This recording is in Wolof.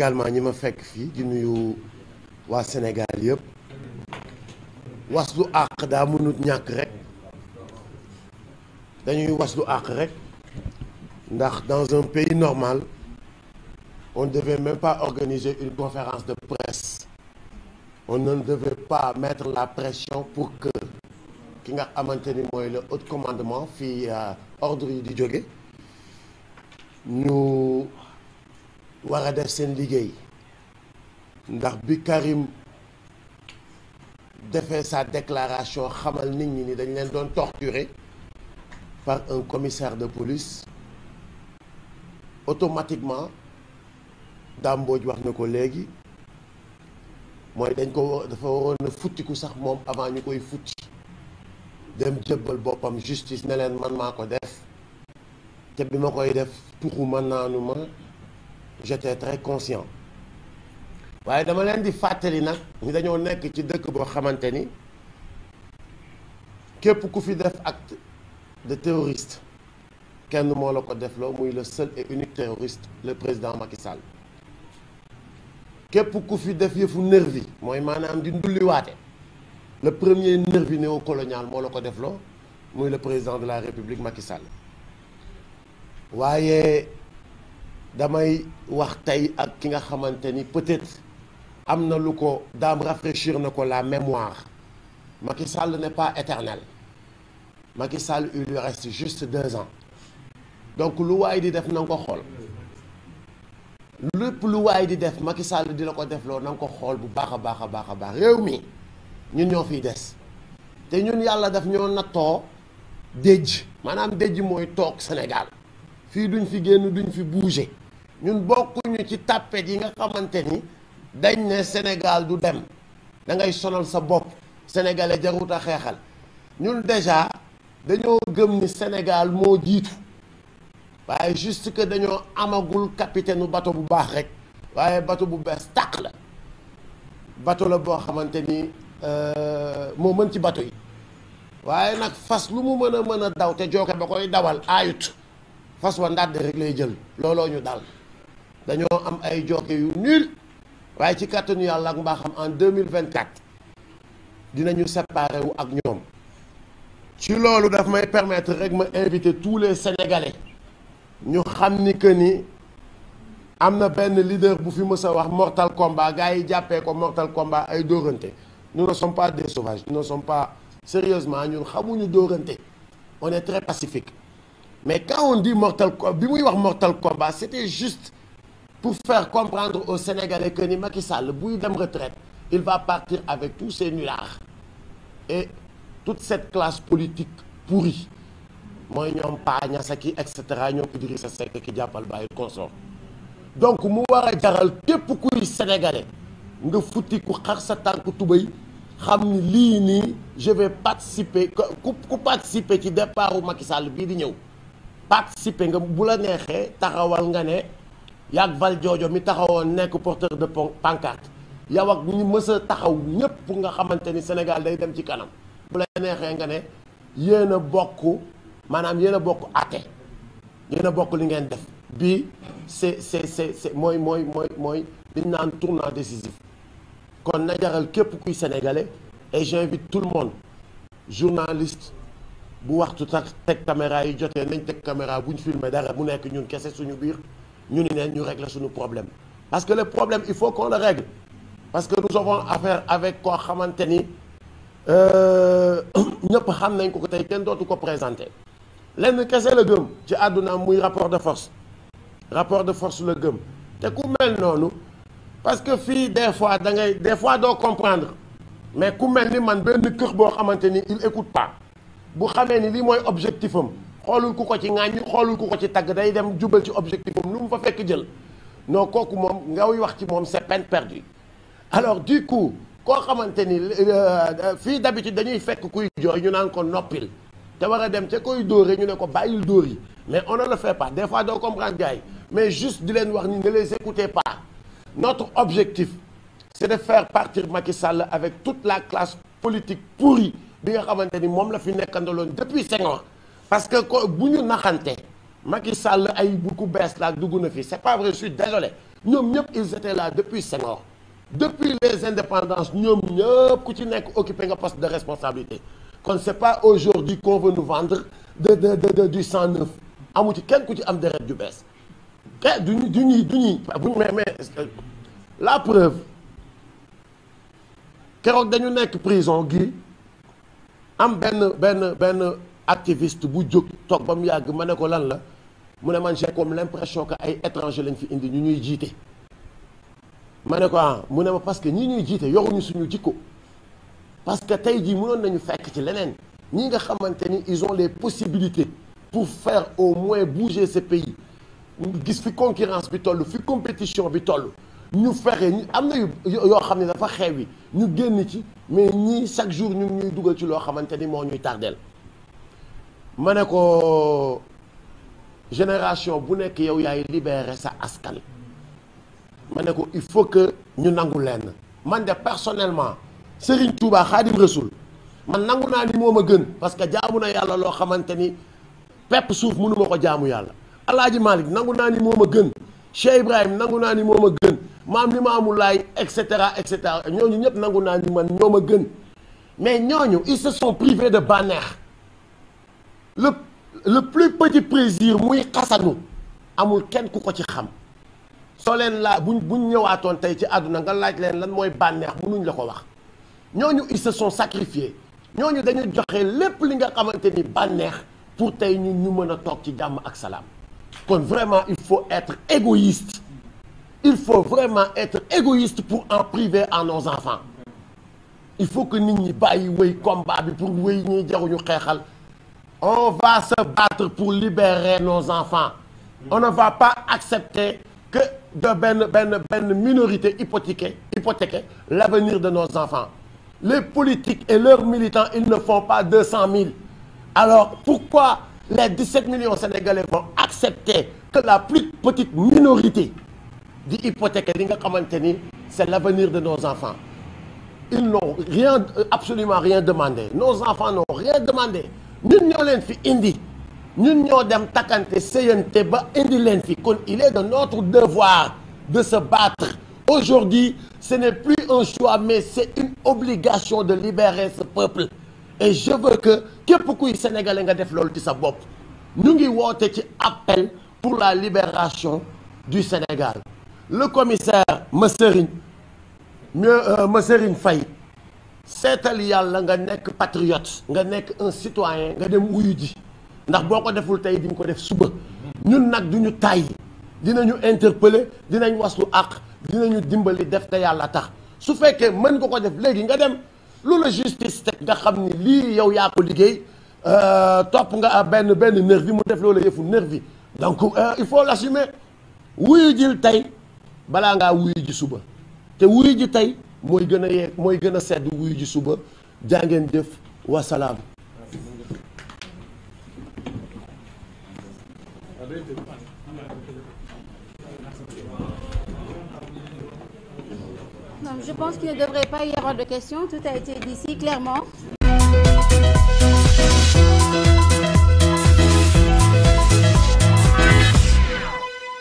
également ñi ma fekk fii di nuyu waa Sénégal yëpp waslu àq daa mënut ñàkk rek dañuy waslu àq rek ndax dans un pays normal on devait même pas organiser une conférence de presse on ne devait pas mettre la pression pour que ki nga xamante ni mooy le haut commandement fii ordre di jóge ñu war a def seen liggéey ndax bi Karim defee sa déclaration xamal nit ñi ni dañ leen doon torturé par un commissaire de police automatiquement Dame Mbodj wax na ko léegi mooy dañ ko dafa waroon a futtiku sax moom avant ñu koy futti dem jëbbal boppam justice ne leen man maa ko def te bi ma koy def tuxu ma naanu te très conscient waaye dama leen di fàttali nag ñu dañoo nekk ci dëkk boo xamante ni képp ku fi def acte de terroriste kenn moo la ko defloo muy le seul et unique terroriste le président Macky Sall képp ku fi def yëfu nervi mooy maanaam di ndulliwaate le premier nervi néocolonial moo la ko defloo muy le président de la république Macky Sall waaye damay wax tey ak ki nga xamante ni peut-être am na lu ko daam rafraîchir na ko la mémoire Macky Sall n'est pas éternel Macky Sall il lui reste juste ans donc lu waay di def na ko xool lépp lu waay di def Macky sàll di la ko defloo loo na nga ko xool bu baax a baax a baax a baax réew mi ñun ñoo fi des te ñun yàlla daf ñoo nattoo déj maanaam déj mooy toog Sénégal fii duñ fi génn duñ fi bouger ñun bokkuñu ci tàppet yi nga xamante ni dañ ne Sénégal du dem da ngay sonal sa bopp sénégalais jarut a xeexal ñun déjà dañoo gëm ni Sénégal moo jiitu waaye juste que dañoo amagul capitaine bato bu baax rek waaye bato bu bees tàq la bato la boo xamante ni euh, moo mën ci bato yi waaye nag fas lu mu mën a mën a daw te jooke ba koy dawal aayut fas wa ndàdd rek lay jël looloo ñu daal dañoo am ay jokke yu nul waaye ci kàttanu yàlla ak mbaaxam en deux mille vingt quatre dinañu séparer wu ak ñoom ci loolu dafa may permettre rek ma inviter tous les sénégalais ñu xam ni que ni am na benn leader bu fi mës wax mortal combat gars yi jàppee ko mortal combat ay dóorante nous ne sommes pas des sauvages nous ne sommes pas sérieusement ñun xamuñu dóorante on est très pacifique mais quand on dit mortal bi muy wax mortal combat c'était juste. pour faire comprendre au Sénégalais que ni Macky Sall buy dem retraite il va partir avec tous ses nullards et toute cette classe politique pourrie mooy ñoom Pa Niasse ki et cetera ñoom Idrissa Seck ki jàppal bàyyi consort donc mu war a jaral képp kuy sénégalais nga futti ku xar sa tànk tubéy xam ni lii nii je vais participer ku ku participer ci départu Macky Sall bi di ñëw participer nga bu la neexee taxawal nga ne. yaag bal joojoo mi taxawoon nekk porteur de pancarte yow ak ñi mës a taxaw ñépp nga xamante ni Sénégal day dem ci kanam bu la neexee nga ne yéen a bokk maanaam yéen a bokk àtte yéen bokk li ngeen def bi c'est c'est c'est mooy mooy mooy mooy li ñu naan tournant décisif kon na jaral képp kuy sénégalais et j'invite tout le monde journaliste bu waxtu tax teg caméra yi jotee nañ teg caméra bu ñu filmé dara bu nekk ñun kese suñu biir ñu ni neen ñu régler suñu problème parce que le problème il faut qu'on le règle parce que nous avons affaire avec koo xamante ni euh, ñëpp xam nañ ko ko tey kenn dootu ko présenté lenn kese la gëm ci àdduna muy rapport de force rapport de force la gëm te ku mel noonu parce que fii des fois da ngay des fois doo comprendre mais ku mel ni man benn kër boo xamante ni il écoute pas bu xamee ni lii mooy objectif am xoolul ku ko ci ŋaañu xoolul ku ko ci tagg day dem jubal ci objectif moom lu mu fa fekk jël no kooku moom ngay wax ci moom c'est peine perdue alors du coup koo xamante ni euh, euh, fii d'habitude dañuy fekk kuy jooy ñu naan ko noppil te war a dem ca koy dóore ñu ne ko bàyyil dóor yi mais on ne le fait pas des fois doo comprendre gars yi mais juste di leen wax ni ne les écoutez pas notre objectif c'est de faire partir Macky Sall avec toute la classe politique pourrie bi nga xamante ni moom la fi nekkandaloon depuis cinq ans parce que ko bu ñu naxante Macky Sall ay bu ku bees laa dugg na fi c'est pas vrai je suis désolé ñoom ñëpp ils étaient là depuis Senghor depuis les indépendances ñoom ñëpp ku ci nekk occupé nga poste de responsabilité kon c'est pas aujourd'hui qu'on veut nous vendre de de de, de du sang neuf amu ci kenn ku ci am deret ju bees te du du ñuy du ñuy buñ mais la preuve keroog dañu nekk prison gi am ben benn benn activiste bu jóg toog ba mu yàgg ma ne ko lan la mu ne man j'ai comme l'impression que ay étranger lañ fi indi ñu ñuy jiite ma ne ko ah mu ne ma parce que ñi ñuy jiite yoruñu suñu jikko parce que tey jii mënoon nañu fekk ci leneen ñi nga xamante ni ils ont les possibilité pour faire au moins bouger ce pays gis fi concurrence bi toll fi compétition bi toll ñu fexe ñu am na yu yoo xam ne dafa xeew yi ñu génn ci mais ñii chaque jour ñu ngi ñuy dugal ci loo xamante ni moo ñuy tardeel ma ne ko génération bu nekk yow yaay libérer sa askan. ma ne ko il faut que ñu nangu leen man de personnellement Serigne Touba Khadim Rasoul man nangu naa ni moom a gën parce que jaamu na yàlla loo xamante ni pepp suuf mënu ma ko jaamu yàlla alaaji Malick nangu naa ni moom a gën Cheikh Ibrahim nangu naa ni moom a gën maam Limaamu Laay et cetera et cetera ñooñu ñëpp nangu naa ni man ñoom a gën mais ñooñu ils se sont privés de bànneex le le plus petit plaisir muy xasanu amul kenn ku ko ci xam soo leen laa buñ buñ ñëwaatoon tey ci àdduna nga laaj leen lan mooy bànneex mënuñ la ko wax ñooñu ils se sont sacrifiés ñooñu dañu joxe lépp li nga xamante ni bànneex pour tey ñu ñu mën a toog ci jàmm ak salaam kon vraiment il faut être égoïste il faut vraiment être égoïste pour en priver à nos enfants il faut que nit ñi bàyyi wéy combat bi pour wéy ñuy jaruñu xeexal on va se battre pour libérer nos enfants. On ne va pas accepter que de benn benn benn minorité hypothéquée hypothéquée l'avenir de nos enfants. Les politiques et leurs militants, ils ne font pas 200 000. Alors pourquoi les 17 millions Sénégalais vont accepter que la plus petite minorité di hypothéquer li nga xamante ni c'est l'avenir de nos enfants. Ils n'ont rien, euh, absolument rien demandé. Nos enfants n'ont rien demandé. ñun ñoo leen fi indi ñun ñoo dem takkante séyante ba indi leen fi kon il est de notre devoir de se battre aujourd'hui ce n'est plus un choix mais c'est une obligation de libérer ce peuple et je veux que képp kuy sénégalais nga def loolu ci sa bopp ñu ngi woote ci appel pour la libération du Sénégal le commissaire Masserigne mieux euh, Masserigne Faye seetal yàlla nga nekk patriote nga nekk un citoyen nga dem wuyu ji ndax boo ko deful tey di ko def suba ñun nag duñu tàyyi dina dinañu interpeller dinañ waslu àq dinañu dimbali def ko yàlla tax su fekkee mën ko ko def léegi nga dem lu la justice teg nga xam ni lii yow yaa ko liggéey euh, topp nga benn benn nervi mu def loola yëfu nervi donc euh, il faut l'assumer wuyu jil tey balaa ngaa wuyu ji suba te wuyu ji tey mooy gën a yeeg mooy gën a sedd wuyu ji suba jàngeen jëf wasalaam. Non, je pense qu'il ne devrait pas y avoir de questions. Tout a été dit clairement.